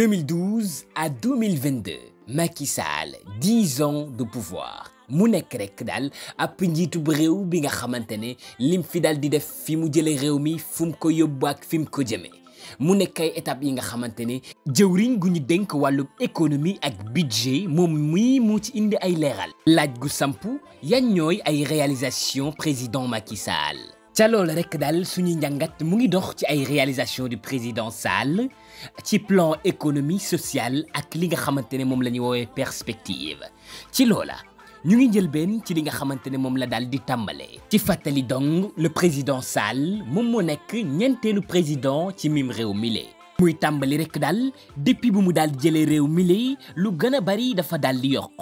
2012 à 2022 Macky Sall dix ans de pouvoir mu nekk rek daal ab njiitu bu bi nga xamante ne lim fi daal di def fi mu jëlee réew mi fum ko yóbbu ak fi ko jëmee mu nekk ay étapes yi nga xamante ne jëwriñ gu ñu dénk wàllum économie ak budget moom mii mu ci indi ay leeral. laaj gu sampu yan ñooy ay réalisation président Macky Sall. ca loolu rek daal suñu njàngat mu ngi dox ci ay réalisation du président Sall. ci plan économie sociale ak li nga xamante ne moom la ñuy woowee perspective ci loola ñu ngi jël benn ci li nga xamante ne moom la daal di tàmbalee. ci fàttali dong le président Sall moom moo nekk ñeenteelu président ci mim réew mile muy tàmbali rek daal depuis bi mu daal jëlee réew mile lu gën a bari dafa daal di yokk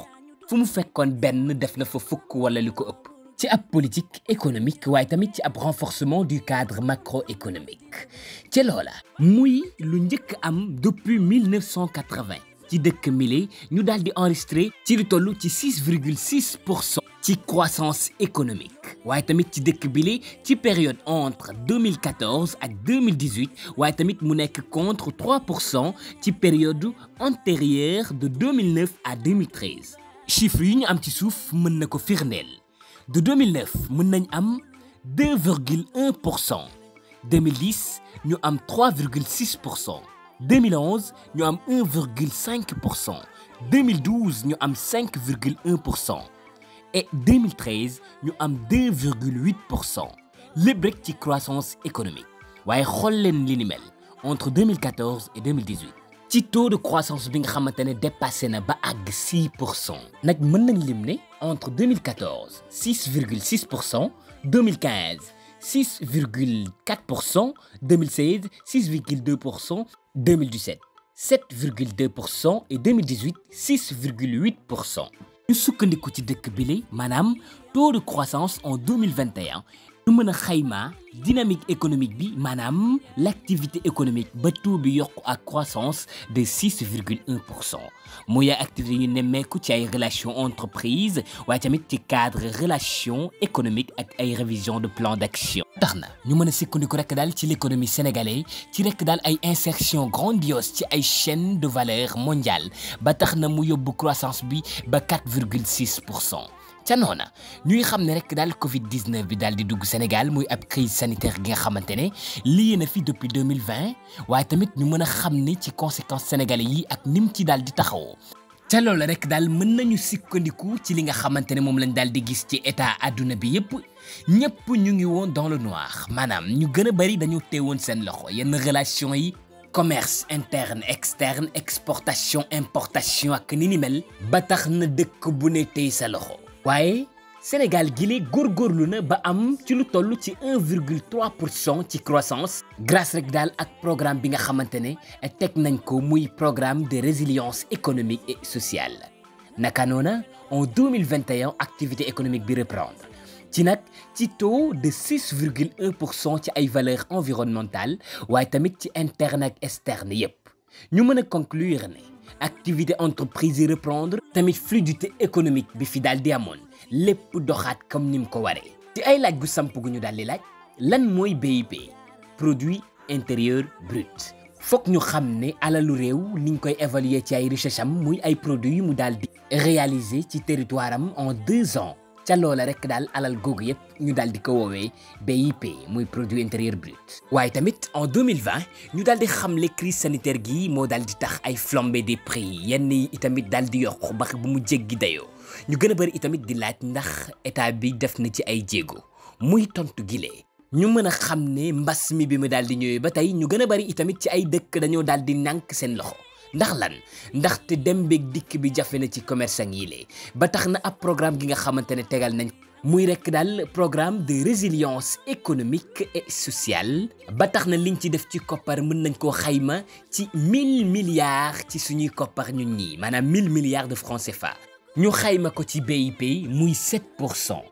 fu mu fekkoon benn def na fa fukk wala lu ko ëpp. ci ab politique économique waaye tamit ci ab renforcement du cadre macroéconomique ci loola muy lu njëkk am depuis 1980 ci dëkk mili ñu daal di enregistré ci lu toll ci 6,6 pour cent ci croissance économique waaye tamit ci dëkk bile ci période entre 2014 ak 2018 waaye tamit mu nekk contre 3 pour cent ci période antérieure de 2009 à 2013 chiffre yi ñu am ci suuf mën na ko firndeel de 2009 mën nañ am 2 virgule 1 pour cent 2010 ñu am 3 virgule 6 pour cent 2011 ñu am 1 virgule 5 pour cent 2012 ñu am 5 virgule 1 pour cent et 2013 ñu am 2 virgule 8 pour cent lépp rek ci croissance économique waaye xool leen li ni mel entre 2014 et ci taux de croissance bi nga xamante ne dépassé na ba àgg 6 pour cent nag mën nañ lim ne entre 2014 6 virgule 6 pour cent 2015 6 virgule 4 pour cent 2016 6 virgule 2 pour cent 2017 7 virgule 2 pour cent et 2018 6 virgule 8 pour cent ñu sukkandiku ci dëkk bile maanaam taux de croissance en 2021 ñu mën a xaymaa dynamique économique bi maanaam l'activité économique ba taux bi yokku ak croissance de 6,1 pour cent mooy ay activité ñu nemmeeku ci ay relations entreprise waaye tamit ci cadre relation économiques ak ay révision de plan d'action tax na ñu mën a sukkandiku rek daal ci l'économie sénégalaise ci rekk daal ay insertion grandiose ci ay chaine de valeur mondiale ba tax na mu yóbbu croissance bi ba 4,6 pour cent ca noona ñuy xam ne rek daal Covid 19 bi daal di dugg Sénégal muy ab crise sanitaire gi nga xamante ne lii na fi depuis 2020 waaye tamit ñu mën a xam ni ci conséquence sénégalais yi ak nim ci daal di taxawoo. ca loolu rek daal mën nañu sukkandiku ci li nga xamante ne moom lañ daal di gis ci état adduna bi yëpp ñëpp ñu ngi woon dans le noir maanaam ñu gën a bari dañu woon seen loxo yenn relation yi. commerce interne externe exportation importation ak ni ni ba tax na dëkk bu ne tey sa waaye Sénégal gi lee góorgóorlu na ba am ci lu toll ci 1,3 pour cent ci croissance grâce rek dal ak programme bi nga xamante ne teg nañ ko muy programme de résilience économique et sociale naka noona en 2021 activité économique bi reprendre ci nag ci taux de 6,1 pour cent ci ay valeurs environnementales waaye tamit ci interne ak externe yépp ñu mën a conclure ne activité entreprise yi reprendre tamit fluidité économique bi fi daal di amoon lépp doxaat comme ni mu ko waree. te ay laaj gu samp gu ñu daal di laaj lan mooy BIP produit intérieur brut foog ñu xam ne alalu réew ni ñu koy évaluer ci ay richesse muy ay produits yu mu daal di réaliser ci territoire am en deux ans. ca loola rek daal alal googu yëpp ñu daal di ko woowee BIP muy produit intérieur brut. waaye tamit en 2020 ñu daal di xamle crise sanitaire gi moo daal di tax ay flambée des prix yenn yi itamit daal di yokk bax bu mu jéggi dayoo ñu gën a bëri itamit di laaj ndax état bi def na ci ay jéego muy tontu gilee ñu mën a xam ne mbas mi bi mu daal di ñëwee ba tey ñu gën a bëri itamit ci ay dëkk dañoo daal di nànk seen loxo. ndax lan ndaxte dem beeg dikk bi jafe na ci commerçant yi lee ba tax na ab programme gi nga xamante ne tegal nañ muy rekk daal programme de résilience économique et sociale ba tax na liñ ci def ci koppar mën nañ koo xayma ci 1000 milliards ci suñuy koppar ñu ñii maanaam 1000 milliards de francs fa ñu xayma ko ci BIP muy 7 pour cent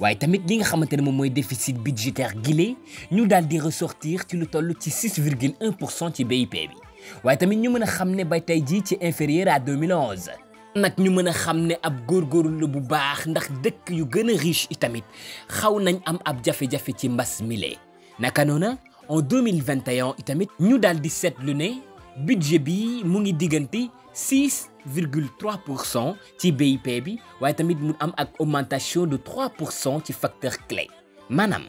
waaye tamit li nga xamante ne moom mooy déficit budgétaire gilée ñu daal di ressortir ci lu toll ci 6,1 pour cent ci BIP bi waaye tamit ñu mën a xam ne ba tey jii ci inférieur à 2011. nag ñu mën a xam ne ab góor la bu baax ndax dëkk yu gën a riche itamit xaw nañ am ab jafe-jafe ci mbas mile naka noona en 2021 itamit ñu daal di seetlu ne budget bi mu ngi diggante 6 virgule 3 pour cent ci BIP bi waaye tamit mu am ak augmentation de 3 pour cent ci facteur clé maanaam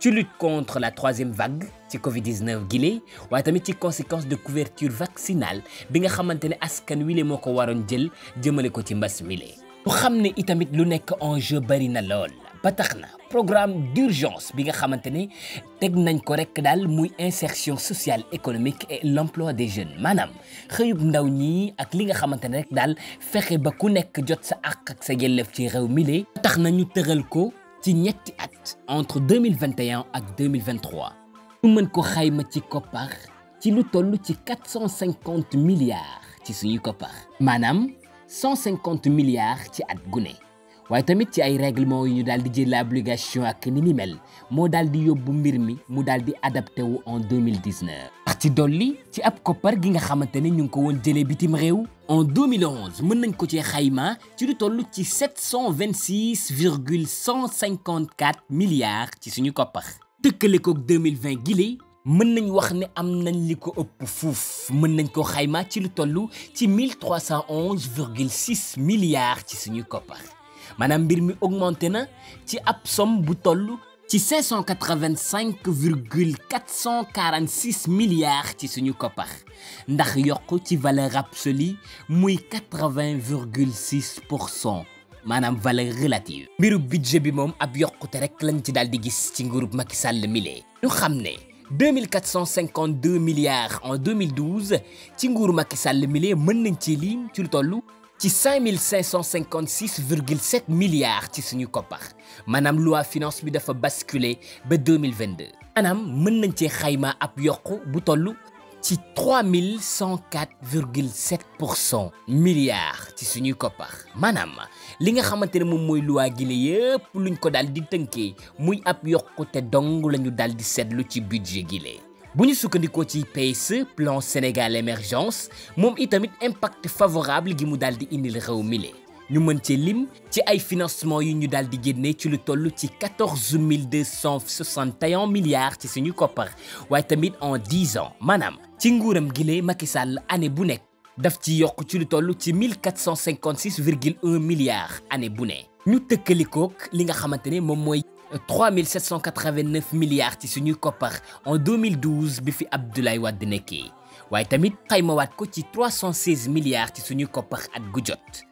ci lutte contre la troisième vague ci Covid 19 gile waaye tamit ci conséquence de couverture vaccinale bi nga xamante ne askan wi le moo ko waroon jël jëmale ko ci mbas mi le lu xam ne tamit lu nekk enjeu bari na lool ba tax na programme d'urgence bi nga xamante ne teg nañ ko rek daal muy insertion sociale économique et l'emploi des jeunes maanaam xëyub ndaw ñi ak li nga xamante ne rek daal fexe ba ku nekk jot sa àq ak sa yelleef ci réew mi le tax na ñu tëral ko. ci ñetti at entre 2021 ak 2023 ñu mën ko xayma ci koppar ci lu toll ci 450 milliards ci suñuy koppar maanaam 150 milliards ci at gune waaye tamit ci ay règlement yi ñu daal di jël l'obligation ak ni ni mel moo daal di yóbbu mbir mi mu daal di adapté wu en 2019. wax ci dolli ci ab koppar gi nga xamante ne ñu ngi ko woon jëlee bitim réew en 2011 mën nañ ko cee xayma ci lu toll ci 726 virgule 154 milliards ci suñu koppar. tëkkale koog 2020 gile mën nañ wax ne am nañ li ko ëpp fuuf mën nañ ko xayma ci lu toll ci 1311 virgule 6 milliards ci suñu koppar. maanaam mbir mi augmenté na ci ab somme bu toll ci 585 virgule 446 milliards ci suñu koppar ndax yokk ci valeur absolue muy 80 virgule 6 pour cent maanaam valeur relative. mbiru budget bi moom ab yokkute rek lañ ci daal di gis ci nguurub Macky Sall mile ñu xam ne. 2452 milliards en 2012 ci nguuru Macky Sall mile mën nañ ci lim ci lu toll ci 5556 virgule 7 milliards ci suñuy koppar maanaam loi finance bi dafa basculer ba 2022 maanaam mën nañ cee xayma ab yokku bu tollu ci 3104 virgule 7 pour cent milliards ci suñuy koppax maanaam li nga xamante ne moom mooy loi gile la yëpp luñ ko daal di tënkee muy ab yokkute dong la ñu daal di seetlu ci budget gi bu ñu sukkandikoo ci PSE plan Sénégal émergence moom itamit impact favorable gi mu daal di indil réew mile ñu mën ci lim ci ay financement yu ñu daal di génne ci lu toll ci 14 261 milliards ci suñu koppar waaye tamit en 10 ans maanaam ci nguuram gile Macky Sall année bu nekk daf ci yokk ci lu toll ci 1456 virgule 1 milliards année bu ne ñu tëkkalikook li nga xamante ne moom mooy 3789 milliards ci suñuy koppar en 2012 bi fi Abdoulaye Wade nekkee waaye tamit xaymawaat ko ci 316 milliards ci suñuy koppar ak gu jot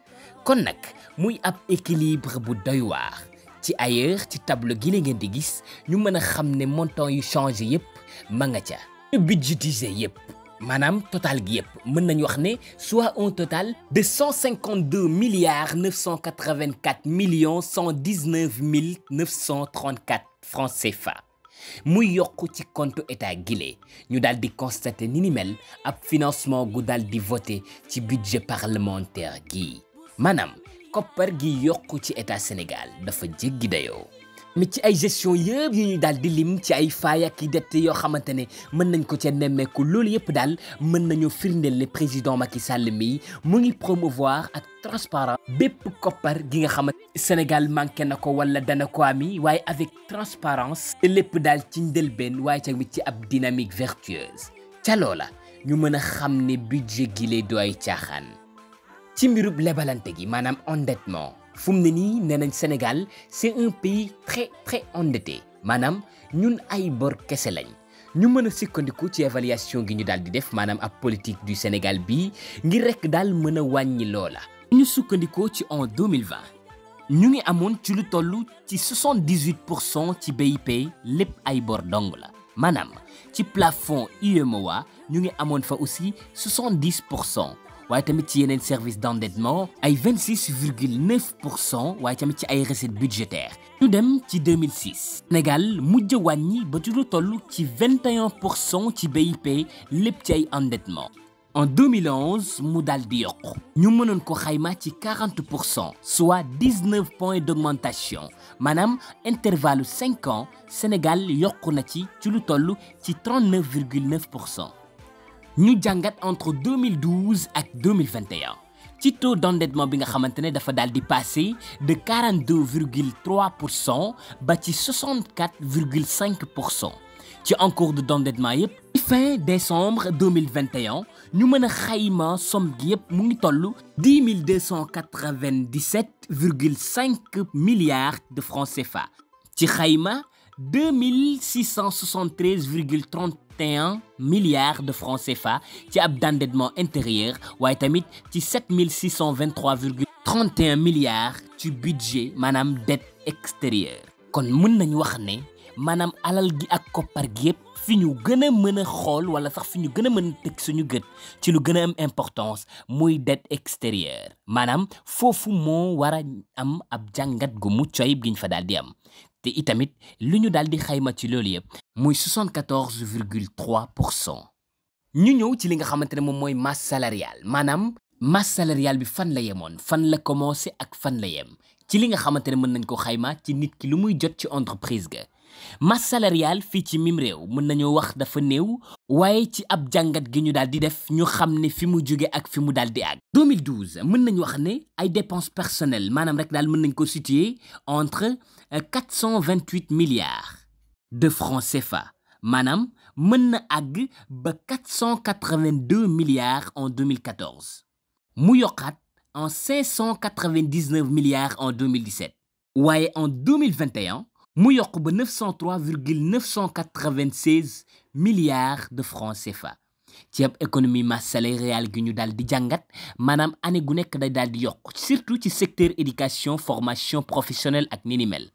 kon nag muy ab équilibre bu doy waar ci ailleurs ci tableau gi la ngeen di gis ñu mën a xam ne montant yu changé yépp ma nga ca ñu budgétisé yépp maanaam total gi yëpp mën nañu wax ne soit un total de 152 milliards 984 millions 119 mille 934 francs CFA muy yokk ci conte état gile ñu daal di constater ni ni mel ab financement gu daal di voté ci budget parlementaire gi maanaam koppar gi yokk ci état Sénégal dafa jéggi dayoo. mais ci ay gestion yëpp yi ñu daal di lim ci ay faay ak i dette yoo xamante ne mën nañ ko cee nemmeeku loolu yëpp daal mën nañoo firndeel le président Macky Sall mii mu ngi promouvoir ak transparent bépp koppar gi nga xamante Sénégal manqué na ko wala dana ko ami waaye avec transparence lépp daal ci njëlbeen waaye tamit ci ab dynamique vertueuse ca la ñu mën a xam ne budget gi lay doy caaxaan ci mbirub lebalante gi maanaam endettement fu ne nii nee nañ Sénégal c'est un pays très très endetté maanaam ñun ay bor kese lañ ñu mën a sukkandiku ci évaluation gi ñu daal di def maanaam ab politique du Sénégal bii ngir rekk daal mën a wàññi loola. ñu sukkandikoo ci en 2020 ñu ngi amoon ci lu toll ci 78 pour cent ci BIP lépp ay bor dong la maanaam ci plafond umoa e ñu ngi amoon fa aussi 70 pour cent. waaye tamit ci yeneen service d'endettement ay 26 virgule 9 pour cent waaye tamit ci ay recettes budgétaires ñu dem ci 2006 Sénégal mujj wàññi ba ci lu toll ci 21 pour cent ci BIP lépp ci ay endettement en 2011 mu daal di yokk ñu mënoon ko xayma ci 40 pour cent soit point points d'augmentation maanaam intervalle 5 ans Sénégal yokk na ci ci lu toll ci 39 virgule 9 pour cent ñu jàngat entre 2012 ak 2021 ci taux d'endettement bi nga xamante ne dafa daal di passé de 42 virgule 3 pour cent ba ci 64 virgule 5 pour cent ci encours de d'endettement yëpp fin décembre 2021 ñu mën a xayma somme gi yëpp mu ngi toll 10 297 virgule 5 milliards de francs CFA ci xayma 2 673 virgule 30 141 milliards de francs CFA ci ab d'endettement intérieur waaye tamit ci 7623 virgule 31 milliards ci budget maanaam dette extérieure kon mun nañ wax ne maanaam alal gi ak koppar gi yëpp fi ñu gën a mën a xool wala sax fi ñu gën a mën a suñu gët ci lu gën a am importance muy dette extérieure maanaam foofu moo war a am ab jàngat gu mucc ayib gi ñu fa daal di am te itamit lu ñu daal di xayma ci loolu yëpp muy 74 virgule 3 pour cent ñu ñëw ci li nga xamante ne moom mooy masse salariale maanaam masse salariale bi fan la yemoon fan la commencé ak fan la yem ci li nga xamante ne mën nañ ko xayma ci nit ki lu muy jot ci entreprise ga masse fii ci mim réew mën nañoo wax dafa néew waaye ci ab jàngat gi ñu daal di def ñu xam ne fi mu jóge ak fi mu daal di àgg 2012 mën nañu wax ne ay dépenses personnelles maanaam rek daal mën nañ ko situer entre 428 euh, milliards de francs fa maanaam mën na àgg ba 482 milliards en 2014 mu yokkaat en 599 milliards en 2017 waaye en 2021 mu yokk ba 903 virgule 996 milliards de francs CFA ci ab économie masse salariale gi ñu daal di jàngat maanaam année gu nekk day daal di yokk surtout ci secteur éducation formation professionnelle ak ni ni mel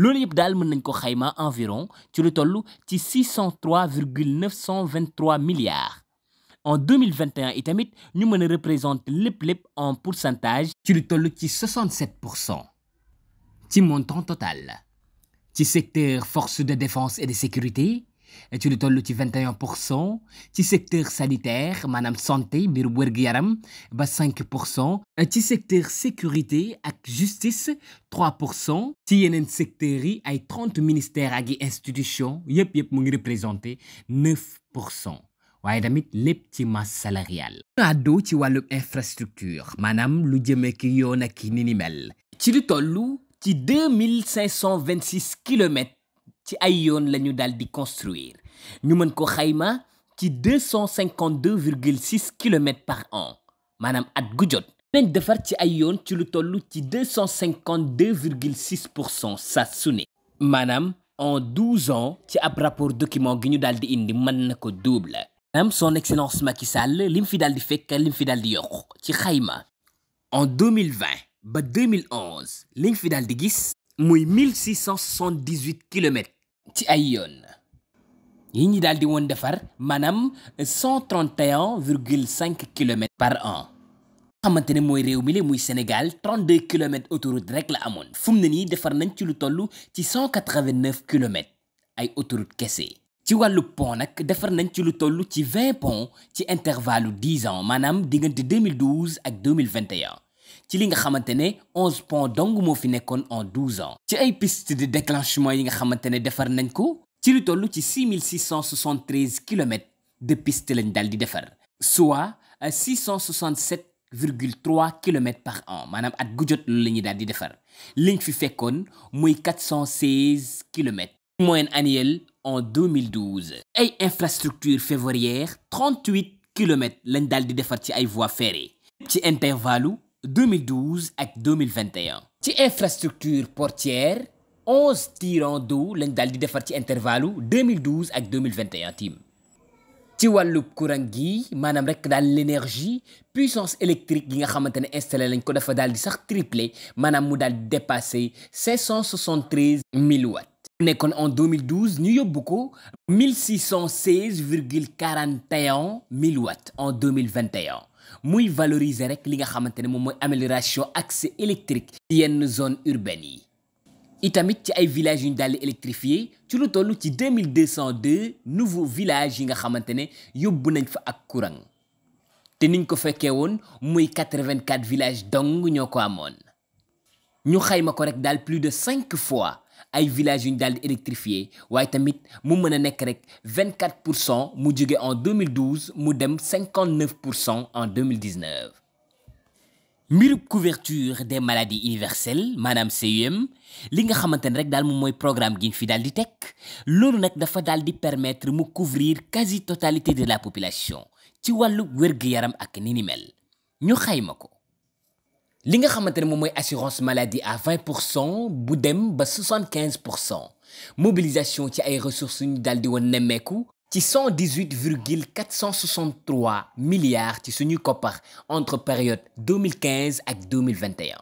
loolu yëpp daal mën nañ ko xayma environ ci lu toll ci 603 virgule 923 milliards en 2021 itamit ñu mën a représente lépp lépp en pourcentage ci lu toll ci 67 pour cent ci montant total ci secteur force de défense et de sécurité eh, ci lu toll ci 21 pour cent ci secteur sanitaire maanaam santé mbiru wér-gu-yaram ba 5 pour cent eh, ci secteur sécurité ak justice 3 pour cent ci yeneen secteurs yi ay 30 ministères ak i institutions yëpp yëpp mu ngi représenté 9 pour cent waaye tamit lépp ci masse salariale. àddoo ci wàllum infrastructure maanaam lu jëmee ki yoon ak ki ni ni mel ci lu tollu ci deux mille cinq cent vingt six kilomètres ci ay yoon la ñu daal di construire ñu mën ko xayma ci deux cent cinquante deux virgule six kilomètres par an maanaam at gu jot. nañ defar ci ay yoon ci lu toll ci deux cent cinquante deux virgule six pour cent saa maanaam en douze ans ci ab rapport document gi ñu daal di indi mën na ko double. maanaam son excellence Macky Sall lim fi daal di fekk lim fi daal di yokk ci xayma. en deux mille vingt ba 2011 liñ fi daal di gis muy 1678 kilomètres ci ay yoon yi ñi daal di woon defar maanaam 131 virgule 5 kilomètres par an xamante ne mooy réew mi la muy Sénégal 32 kilomètres autoroute rek la amoon fum mu ne nii defar nañ ci lu toll ci 189 kilomètres ay autoroute kese ci wàllu pont nag defar nañ ci lu toll ci 20 pont ci intervalle 10 ans maanaam diggante 2012 ak 2021 ci li nga xamante ne onze points dong moo fi nekkoon en douze ans ci ay piste de déclenchement yi nga xamante ne defar nañ ko ci li toll ci 6673 kilomètres de piste lañ daal di defar soit 667 virgule 3 kilomètres par an maanaam at gu jot loolu la ñuy daal di defar liñ fi fekkoon muy 416 kilomètres moyenne annuelle en 2012 ay infrastructures ferroviaires 38 kilomètres lañ daal di defar ci ay voies ferrées ci intervalle 2012 ak 2021 ci infrastructure portière onze tirant do lañ daal di defar ci intervalle 2012 ak 2021 tim ci wàllub courant gi maanaam rek daal l'énergie puissance électrique gi nga xamante ne installé lañ ko dafa daal di sax triplé maanaam mu daal di dépassé 573 000 watts nekkoon en 2012 ñu yóbbu ko 1616 virgule 41 000 watts en 2021 muy valoriser rek li nga xamante ne moom mooy amélioration accès électrique yenn zone urbaine yi itamit ci ay villages yuñ ñu daal di ci lu toll ci 2202 nouveaux villages yi nga xamante ne yóbbu nañ fa ak courant te niñ ko fekkee woon muy 84 villages dong ñoo ko amoon ñu xayma ko rek daal plus de 5 fois ay village yu ñu daal di waaye tamit mu mën a nekk rek 24 pour cent mu jóge en 2012 mu dem 59 pour cent en 2019. mbirub couverture des maladies universelles maanaam CUM li nga xamante ne rek daal moom mooy programme gi fi daal di teg loolu nag dafa daal di permettre mu couvrir quasi totalité de la population ci wàllu wér-gu-yaram ak ni mel ñu xayma ko. li nga xamante ne moom mooy assurance maladie à 20 pour cent bu dem ba 75 pour cent mobilisation ci ay ressources ñu daal di woon nemmeeku ci 118 virgule 463 milliards ci suñuy koppar entre période 2015 ak 2021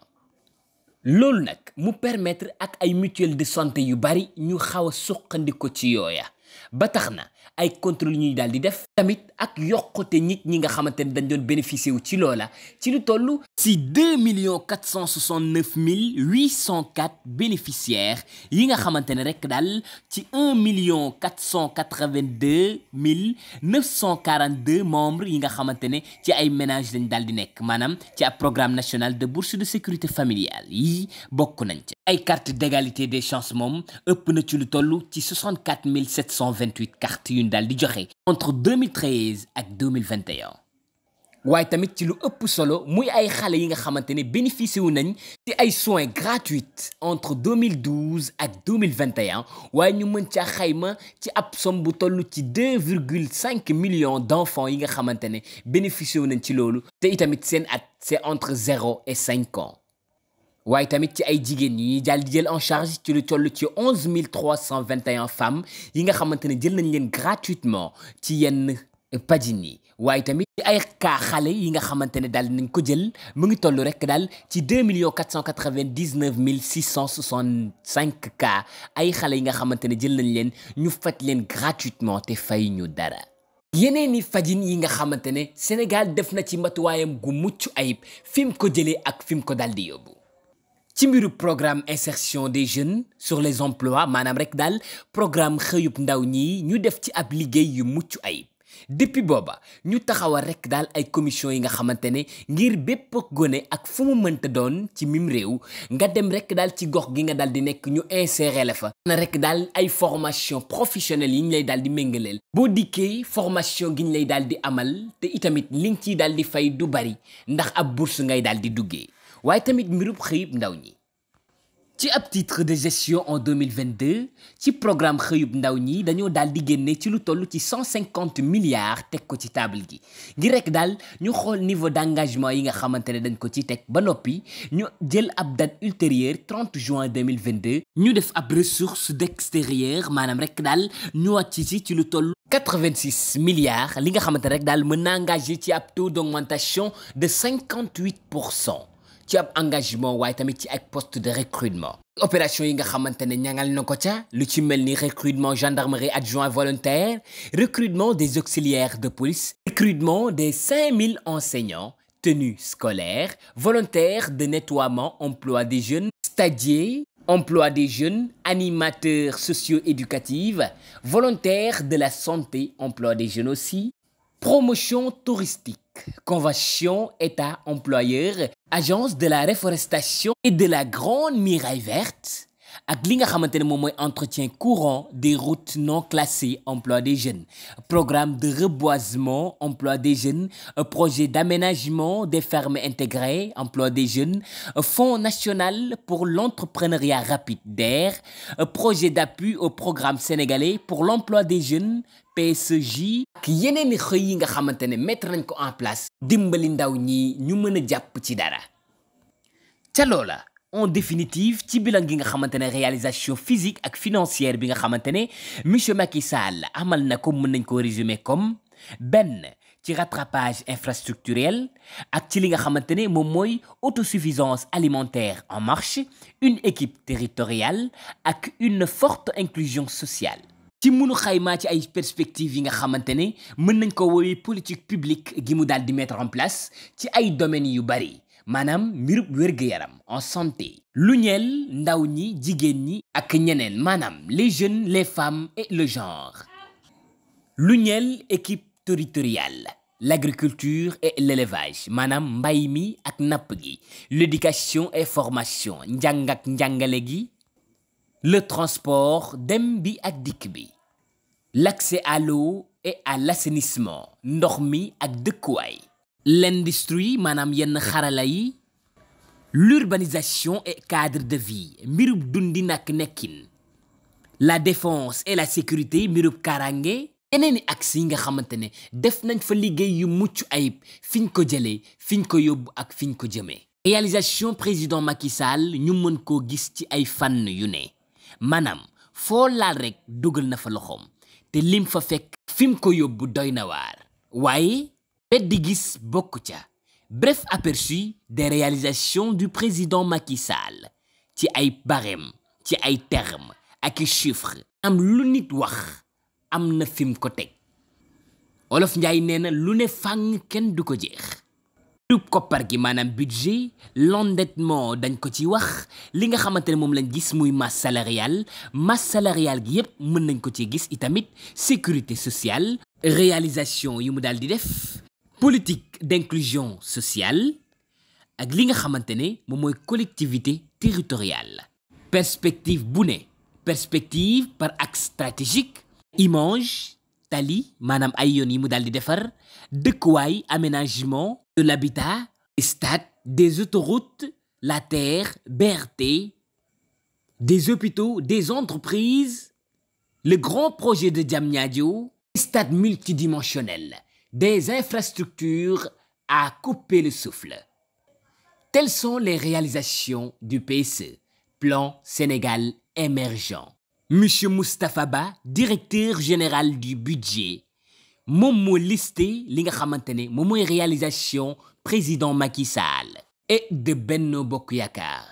loolu nag mu permettre ak ay mutuelle de santé yu bari ñu xaw a suqandiko ci yooya ba tax na ay contrôle ñuy daal di def tamit ak yokkute nit ñi nga xamante ne dañ doon bénéficier wu ci loola ci lu toll ci 2 469 804 bénéficiaires yi nga xamante ne rek daal ci 1 482 942 membres yi nga xamante ne ci ay ménages lañ daal di nekk maanaam ci ab programme national de bourse de sécurité familiale yi bokk nañ ci. ay carte d'égalité des chances moom ëpp na ci lu toll ci 64 728 cartes yu ñu daal di joxe entre 2013 ak 2021. waaye tamit ci lu ëpp solo muy ay xale yi nga xamante ne bénéficié wu nañ ci ay soins gratuits entre 2012 ak 2021 waaye ñu mën caa xayma ci ab somme bu toll ci million millions d'enfants yi nga xamante ne bénéficié wu nañ ci loolu te itamit seen at c'est entre 0 et 5 ans waaye tamit ci ay jigéen yi daal jël en charge ci lu toll ci 11 321 femmes yi nga xamante ne jël nañ leen gratuitement ci yenn pajin yi waaye tamit ay kaa xale yi nga xamante ne daal nañ ko jël mu ngi toll rek daal ci deux millions quatre cent quatre-vingt-dix-neuf mille six cent soixante-cinq cas ay xale yi nga xamante ne jël nañ leen ñu faj leen gratuitement te fay ñu dara. yeneen i fajin yi nga xamante ne Sénégal def na ci matuwaayam gu mucc ayib fi ko jëlee ak fi ko daal di yóbbu. ci mbiru programme insertion des jeunes sur les emplois maanaam rek daal programme xëyub ndaw ñi ñu def ci ab liggéey yu mucc ayib. depuis booba ñu taxawal rek daal ay commission yi nga xamante ne ngir bépp gone ak fu mu mënta doon ci mim réew nga dem rek daal ci gox gi nga daal di nekk ñu insérer la fa. na rek daal ay formation professionnelle yi ñu lay daal di méngaleel boo dikkee formation gi ñu lay daal di amal te itamit li nga ciy daal di fay du bari ndax ab bourse ngay daal di duggee waaye tamit mbirub xëyib ndaw ñi. ci ab titre de gestion en 2022 ci programme xëyub ndaw ñi dañoo daal di génne ci lu toll ci 150 milliards teg ko ci table gi ngir rek daal ñu xool niveau d'engagement yi nga xamante ne dañ ko ci teg ba noppi ñu jël ab date ultérieure 30 juin 2022 ñu def ab ressource d'extérieur maanaam rek daal ñu wàcc ci ci lu toll 86 milliards li nga xamante ne rek daal mën na engagé ci ab taux d'augmentation de 58 pour cent ci ab engagement waaye tamit ci ak poste de recrutement opération yi nga xamante ne ñangal na ko ca lu ci mel ni recrutement gendarmerie adjoint volontaire recrutement des auxiliaires de police recrutement des 5000 enseignants tenue scolaire volontaire de nettoiement emploi des jeunes stagiaires emploi des jeunes animateurs socio-éducatifs volontaires de la santé emploi des jeunes aussi promotion touristique convention état employeur agence de la reforestation et de la grande muraille verte ak li nga xamante ne moom mooy entretien courant des route non classées emploi des jeunes programme de reboisement emploi des jeunes euh, projet d'aménagement des fermes intégrées emploi des jeunes euh, fonds national pour l'entrepreneuriat rapide DER euh, projet d'appui au programme sénégalais pour l'emploi des jeunes PSJ ak yeneen i xëy yi nga xamante ne mettre nañ ko en place dimbali ndaw ñi ñu mën a jàpp ci dara en définitive ci bilan gi nga xamante ne réalisation physique ak financière bi nga xamante ne monsieur Macky Sall amal na ko mën nañ ko résumer comme benn ci rattrapage infrastructurel ak ci li nga xamante ne moom mooy autosuffisance alimentaire en marche une équipe territoriale ak une forte inclusion sociale ci munu xayma ci ay perspectives yi nga xamante ne mën nañ ko woowee politique publique gi mu daal di mettre en place ci ay domaines yu bari maanaam mbirub wér yaram en santé lu ñeel ndaw ñi jigéen ñi ak ñeneen maanaam les jeunes les femmes et le genre lu ñel équipe territoriale l'agriculture et l'élevage maanaam mbay mi ak napp gi l'éducation et formation njàng ak njàngale gi le transport dem bi ak dikk bi l'accès à l'eau et à l'assainissement ndox mi ak dëkkuwaay l'industrie maanaam yenn xarala yi l'urbanisation et cadre de vie mbirub dundi nak nekkin la défense et la sécurité mbirub karange yeneen i ak yi nga xamante ne def nañ fa liggéey yu mucc ayib fiñ ko jëlee fiñ ko yóbbu ak fiñ ko jëmee réalisation président Macky Sall ñu mën koo gis ci ay fànn yu ne maanaam foo laal rek dugal na fa loxoom te lim fa fekk fi ko yóbbu doy na waar waaye beddi gis bokk ca bref aperçu des réalisations du président Macky Sall ci ay barème ci ay termes ak i chiffres am lu nit wax am na fim ko teg Olof Njaay nee na lu ne fàng kenn du ko jeex dub koppar gi maanaam budget l'endettement dañ ko ci wax li nga xamante ne moom lañ gis muy masse salariale gi yépp mën nañ ko ci gis itamit sécurité sociale réalisation yi mu daal di def politique d'inclusion sociale ak li nga xamante ne moom mooy collectivité territoriale perspective bu ne perspective par axe stratégique image tali maanaam ay yoon yi mu daal di defar dëkkuwaay aménagement de l'habitat stade des autoroutes la terre BRT des hôpitaux des entreprises le grand projet de Diamniadio stade multidimensionnel des infrastructures à couper le souffle. Telles sont les réalisations du PSE, Plan Sénégal émergent. Monsieur Moustapha directeur général du budget moom moo listé li nga xamante ne moom mooy réalisation président Macky Sall et de Benno Bokk Yaakaar